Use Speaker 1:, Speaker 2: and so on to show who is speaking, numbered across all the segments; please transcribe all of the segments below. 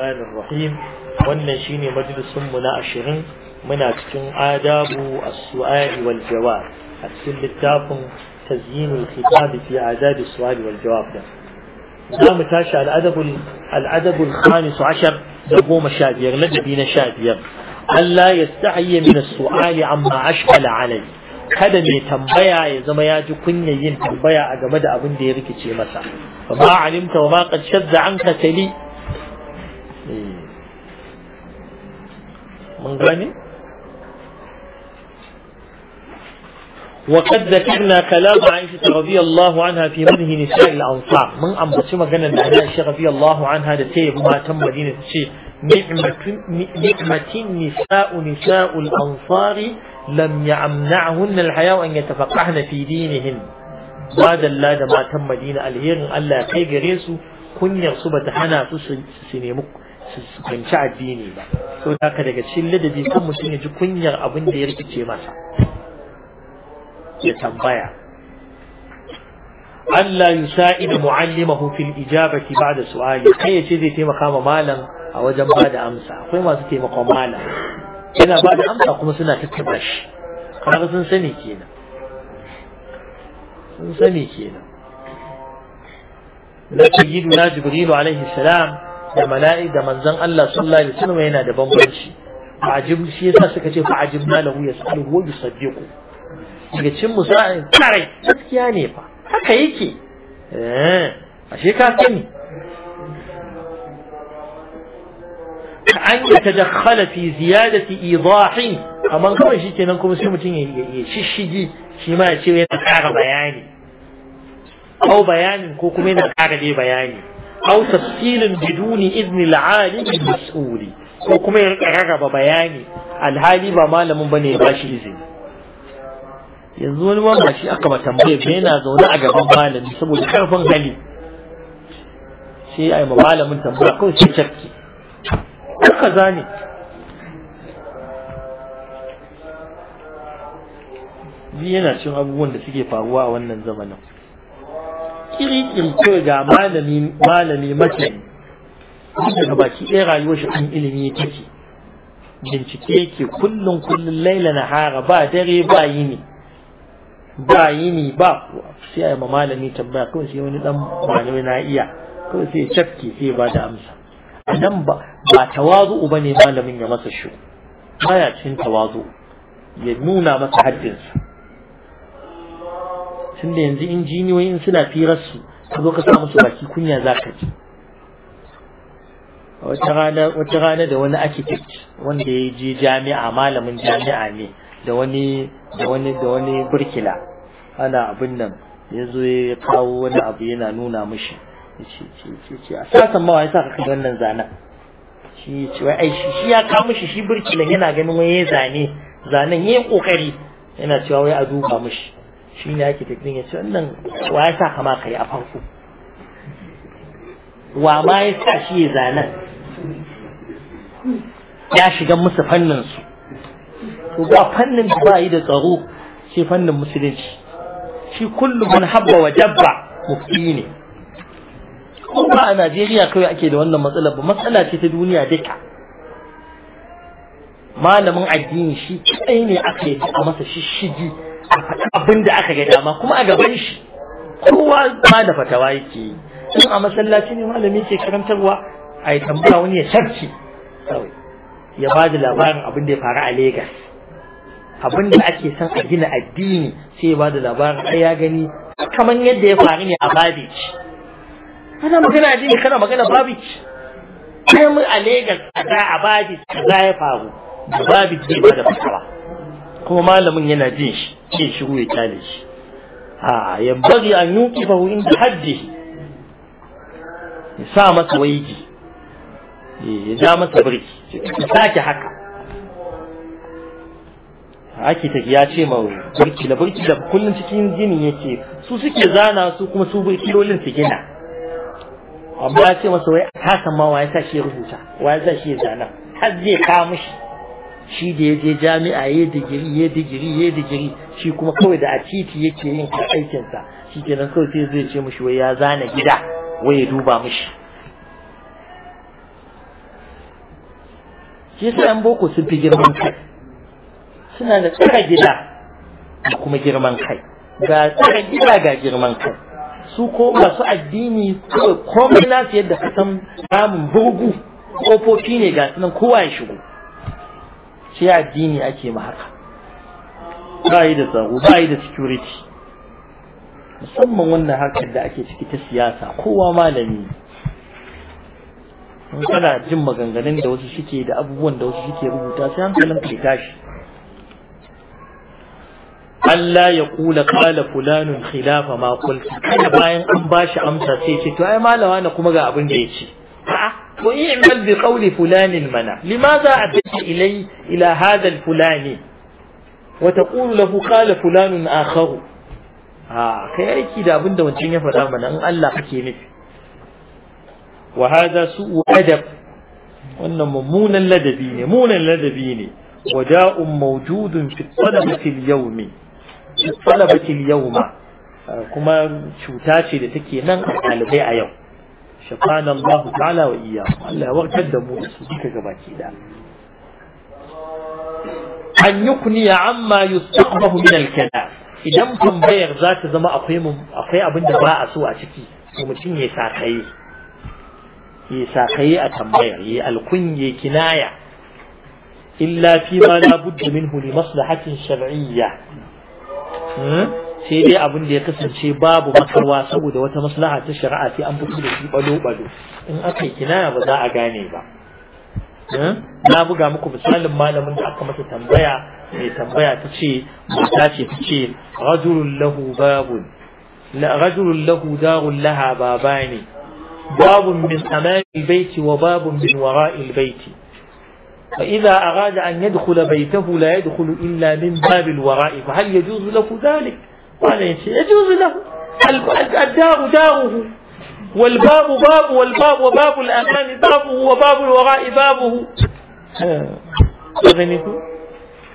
Speaker 1: الرحمن الرحيم والنشين مجلس منا أشهن من أكتن آداب السؤال والجواب أكتن بالتاف تزيين الخطاب في آداب السؤال والجواب ده نعم تاشا الأدب الأدب الخامس عشر دقوم شادية ندى بين شادية ألا يستحي من السؤال عما أشكل علي kada mai tambaya ya zama ya ji kunyar yin tambaya a game da abin da ya rikice masa ba alimta wa ma mun gane وقد ذكرنا كلام عائشة رضي الله عنها في منه نساء الأنصار من أم بسمة جنة عائشة رضي الله عنها تتيب ما تم مدينة الشيء نعمة, نعمة النساء نساء الأنصار لم يمنعهن الحياة أن يتفقهن في دينهن بعد الله ما تم مدينة الهير ألا كي جريسو كن يغصب تحنا سنمك su fahimci addini ba so haka daga cikin ladabi kan mutum ya ji kunyar abin da ya rikice masa ya tambaya Allah yusa'idu mu'allimahu fil ijabati ba'da su'ali kai ce zai taimaka ma malam a wajen bada amsa akwai masu taimakon malam yana bada amsa kuma suna tattaba shi kaga sun sani kenan sun sani kenan na sayyiduna jibrilu alaihi salam da mala'i da manzon Allah sallallahu alaihi wasallam yana da bambanci fa'ajib shi yasa suka ce fa'ajib na lahu yas'aluhu wa yusaddiqu daga cin musa'in kare gaskiya ne fa haka yake eh ashe ka sani an ta dakhala fi ziyadati idahi amma kawai kenan kuma sai mutum ya shishigi shi ma ya ce yana ƙara bayani au bayanin ko kuma yana ƙara dai bayani أو تفصيل بدون إذن العالم المسؤول وكما يرغب بياني الهالي بما لم بني باشي إذن yanzu wani ma shi aka ba tambaye ba yana zaune a gaban malami saboda karfin hali sai ai ma malamin tambaya kawai sai cakki haka zane yana cin abubuwan da suke faruwa a wannan zamanin kiri ko ga malami malami mace daga baki ɗaya rayuwar shi in ilimi take bincike yake kullum kullum laila na hara ba dare ba yini ba yini ba sai ai malami tambaya kawai sai wani dan malami na iya kawai sai cafke sai ba da amsa nan ba ba ne bane malamin ya masa shi baya cin tawazu ya nuna masa haddinsa tunda yanzu injiniyoyin suna firar su, ka zo ka sa musu baki kunya za ka ji wata rana da wani architect wanda ya je jami'a malamin jami'a ne da wani da wani da wani burkila ana abin nan ya zo ya kawo wani abu yana nuna mishi a sasan mawa ya sa ka kai wannan zanen shi ai shi ya kawo mishi shi burkilan yana ganin wai ya zane zanen ya yi kokari yana cewa wai a duba mishi shi ne ake tafiyin ya ce wannan wa ya sa kama ka yi a farko wa ma ya sa shi ya zanen ya shiga musu fannin su to ba fannin da ba yi da tsaro sai fannin musulunci shi kullum mun habba wa jabba mufti ne ko ba a Najeriya kawai ake da wannan matsalar ba matsala ce ta duniya duka malamin addini shi kai ne aka yi a masa shishigi a abin da aka ga dama kuma a gaban shi kowa ma da fatawa yake yi in a masallaci ne malami ke karantarwa a yi tambaya wani ya sharci kawai ya ba da labarin abin da ya faru a Legas abin da ake son a gina addini sai ya ba da labarin ai ya gani kamar yadda ya faru ne a Babich. ana magana addini kana magana Babich. kai mu a Legas a da a Babici ya faru da zai ba da fatawa kuma malamin yana jin shi ke shiru ya kyale shi a yabbari an yuki fahu da haddi ya sa masa waigi ya ja masa birki ya sake haka ake ta ya ce ma birki da birki da kullum cikin gini yake su suke zana su kuma su birkilolin su gina amma ya ce masa wai a kasan ma wa ya sa shi ya rubuta wa ya sa shi ya zana har zai kawo mishi shi da ya je jami'a ya digiri ya digiri ya digiri shi kuma kawai da a titi yake yin aikinsa shi kenan kawai sai zai ce mishi wai ya zana gida wai ya duba mishi shi yasa yan boko sun fi girman kai suna da tsara gida da kuma girman kai ga tsara gida ga girman kai su ko masu addini kawai komai nasu yadda ka san samun burgu kofofi ne ga sunan kowa ya shigo shi addini ake ma haka ba yi da tsaro ba yi da security musamman wannan harkar da ake ciki ta siyasa kowa malami in kana jin maganganun da wasu suke da abubuwan da wasu suke rubuta sai hankalin ka tashi Allah ya kula kala fulanun khilafa ma kulta kada bayan an bashi amsa sai ce to ai malama na kuma ga abin da ya ce a'a وإعمل بقول فلان منا لماذا أتيت إلي إلى هذا الفلان وتقول له قال فلان آخر آه كيف إذا بند وانتين يفرع منا أن الله حكيمك وهذا سوء أدب وأن مونا لدبيني مونا لدبيني وداء موجود في الطلبة اليوم في الطلبة اليوم كما شوتاتي لتكي نن ألبي أيوم شفانا الله تعالى وإياه ألا وقد موسى كباكيدا أن يقني عما يستقبه من الكلام إذا ممكن بيغ ذات زماء أقيم أقيم أبن دباء سوء شكي ومتين يساقي يساقي بيغ يألقن كناية إلا فيما لا بد منه لمصلحة شرعية هم؟ sai dai abin da ya kasance babu makarwa saboda wata maslaha ta shari'a sai an fito da shi balo balo in aka yi kinaya ba za a gane ba na buga muku misalin malamin da aka masa tambaya mai tambaya ta ce mata ce ta ce rajulun lahu babun rajulun lahu darun laha babani babun min amani baiti wa babun min wara'il baiti فإذا أراد أن يدخل بيته لا يدخل إلا من باب الوراء فهل يجوز له ذلك wanda ya ce ya juzu babu الدار داره والباب باب والباب وباب الأمام بابه وباب الوراء بابه أغنيكو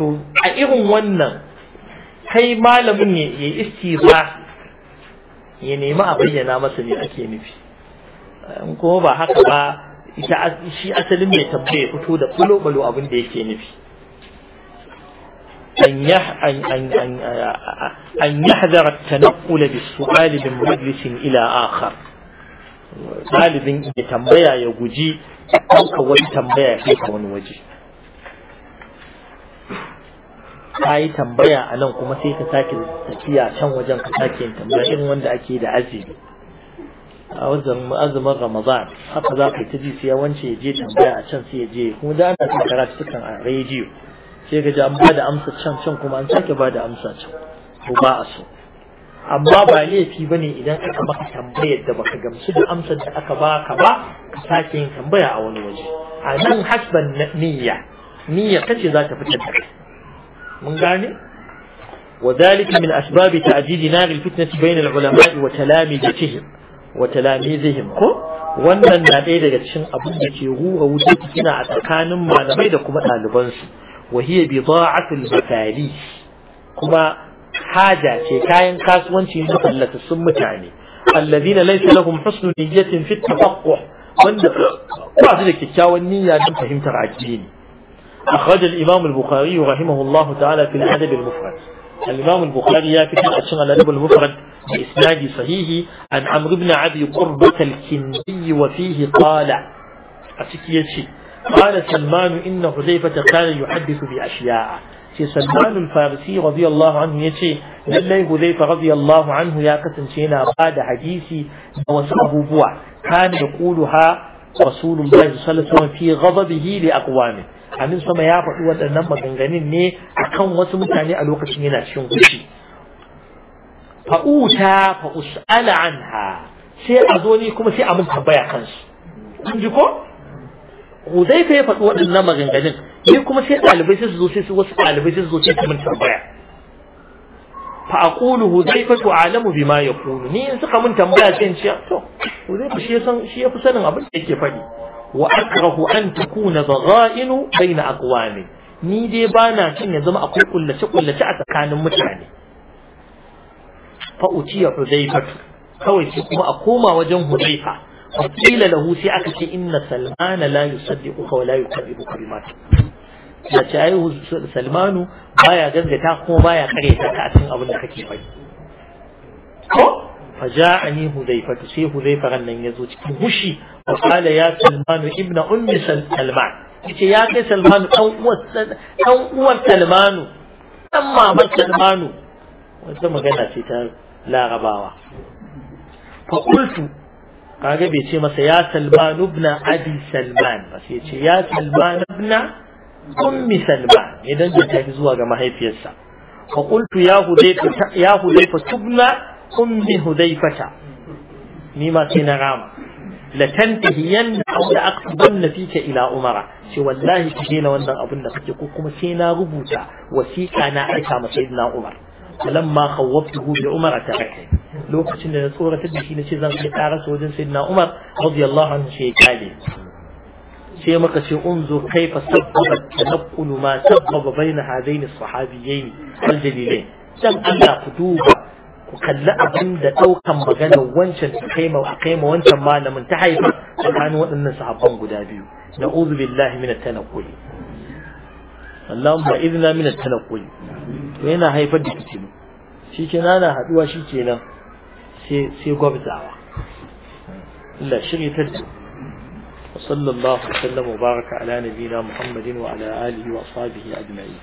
Speaker 1: to a irin wannan kai malamin ya yi istiza ya nemi a bayyana masa ne ake nufi in kuma ba haka ba ita shi asalin mai tambaya fito da bulo-bulo abin da yake nufi an أن يحذر التنقل بالسؤال من مجلس إلى آخر ɗalibin ya tambaya ya guji ɗauka wani tambaya kai ka wani waje ka yi tambaya a nan kuma sai ka sake tafiya can wajen ka sake yin tambaya irin wanda ake da azumi a wajen azumin ramadan haka za ka ta ji sai wance ya je tambaya a can sai ya je kuma da ana son karatu sukan a rediyo sai ka ji an ba da amsa can can kuma an sake ba da amsa can to ba a so amma ba laifi ne idan aka maka tambayar da baka gamsu da amsar da aka baka ba ka sake yin tambaya a wani waje a nan hasban niyya niyya kace za ta fitar da kai mun gane وذلك من أسباب تعديد نار الفتنة بين العلماء وتلامذتهم وتلاميذهم wannan na ɗaya daga cikin abin da ke ruwa wuce fitina a tsakanin malamai da kuma ɗalibansu wa hiya bida'atul masali kuma haja ce خاص وانتي na fallatassun mutane alladhina الذين ليس لهم حسن نية في التفقه ba بعد ذلك kyakkyawan النية لم fahimtar addini أخرج الإمام البخاري رحمه الله تعالى في الأدب المفرد الإمام البخاري في أشغل الأدب المفرد بإسناد صحيح عن عمرو بن عبي قربة الكندي وفيه قال أسكيتي قال سلمان إن حذيفة كان يحدث بأشياء ce salmanul farisi radiyallahu anhu ya ce lallai huzaifa radiyallahu anhu ya kasance yana ba da hadisi da wasu abubuwa kana ya kulu ha rasulullahi sallallahu alaihi fi ghadabihi li aqwami amin sama ya faɗi waɗannan maganganun ne akan wasu mutane a lokacin yana cikin gushi fa'uta fa us'ala anha sai a zo ni kuma sai a mun tambaya kansu kun ji ko Huzaifa ya faɗi waɗannan maganganun ni kuma sai ɗalibai sai su zo sai su wasu ɗalibai sai su zo sai su mun tambaya fa aqulu huzaifatu alamu bima yaqulu ni in suka mun tambaya sai in ce to huzaifa shi san shi yafi sanin abin da yake faɗi wa akrahu an takuna dhagha'inu baina aqwami ni dai bana cin ya zama akwai kullace kullace a tsakanin mutane fa utiya huzaifatu kawai sai kuma a koma wajen huzaifa فقيل له سيعك إن سلمان لا يصدقك wa يكذبك بما تقول da cayi salmanu baya gaggata kuma baya kare ta a cikin abin da kake bai ko faja'ani hudayfa sai hudayfa ya yazo cikin hushi wa qala ya salmanu ibnu ummi salman yace ya kai salmanu dan uwar dan uwar salmanu dan mamar salmanu wata magana ce ta larabawa fa qultu kage bai ce masa ya salmanu ibn abi salman ba sai ya ce ya salmanu ibn ummi ba idan da tafi zuwa ga mahaifiyarsa fa qultu ya hudayfa ya hudayfa tubna ummi hudayfata ni ma sai na rama la tantahiyan aw la aqtabanna fika ila umara ce wallahi ki dena wannan abin da kake ko kuma sai na rubuta wasiƙa na aika ma sayyidina umar falamma khawwaftuhu bi umara taraka lokacin da na tsoratar da shi na ce zan kai karasa wajen sayyidina umar radiyallahu anhu sai ya kale sai maka ce kai kaifa sabbaba tanaqqul ma sabbaba baina hadaini sahabiyyin aljalilain dan Allah ku duba ku kalli abin da daukan maganar wancan ta wancan malamin ta haifa tsakanin waɗannan sahabban guda biyu na'udhu billahi min at Allahumma idna min at yana haifar da shikenan ana haduwa shikenan sai sai gwabzawa Allah shirye ta وصلى الله وسلم وبارك على نبينا محمد وعلى آله وأصحابه أجمعين